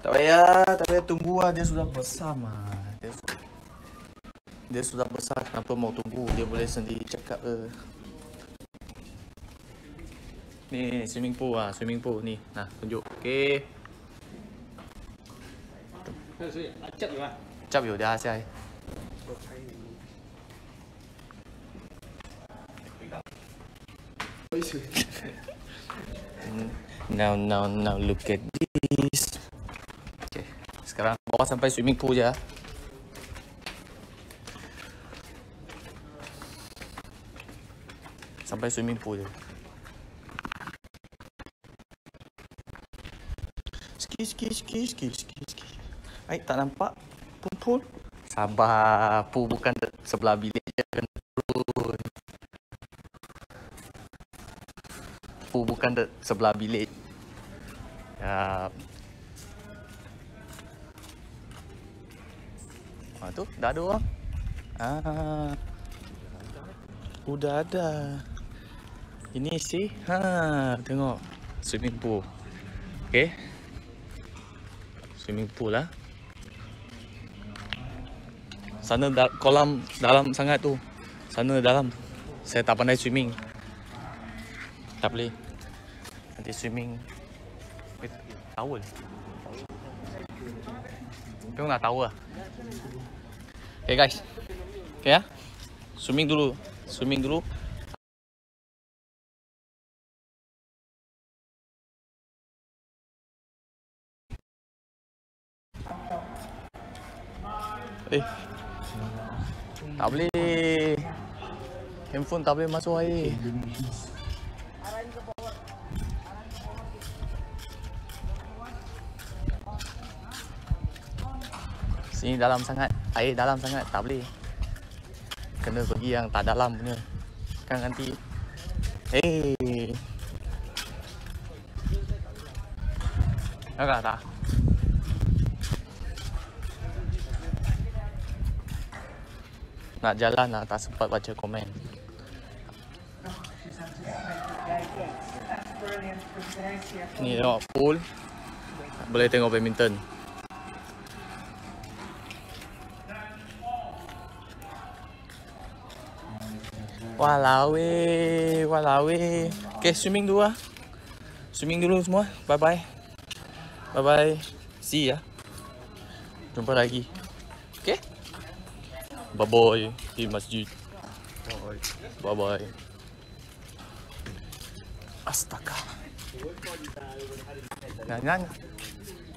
Tak payah, tak payah tunggu lah. Dia sudah besar mah. Dia, sudah besar, kenapa mau tunggu? Dia boleh sendiri cakap ke. Ni, swimming pool lah. Swimming pool ni. Nah, tunjuk. Okay. Acap je lah. Acap je, dia asyai. now, now, now, look at this bawah sampai swimming pool je lah. sampai swimming pool je ski ski ski ski ski ski Aik tak nampak pool pool sabar pool bukan sebelah bilik je kan pool bukan sebelah bilik ya tu dah ada orang ah sudah ada ini si ha tengok swimming pool okey swimming pool lah sana da kolam dalam sangat tu sana dalam saya tak pandai swimming tak boleh nanti swimming with towel kau nak tahu lah. Okay guys. Okay ya. Swimming dulu. Swimming dulu. Eh. Tak boleh. Handphone tak boleh masuk air. Okay. Sini dalam sangat Air dalam sangat Tak boleh Kena pergi yang tak dalam punya Kan nanti Hei Agak tak? Nak jalan lah Tak sempat baca komen Ni tengok pool Boleh tengok badminton Walau eh, walau eh. Okay, swimming dulu lah. Swimming dulu semua. Bye-bye. Bye-bye. See ya. Jumpa lagi. Okay? Bye-bye. Di masjid. Bye-bye. Astaga. Nah, nah,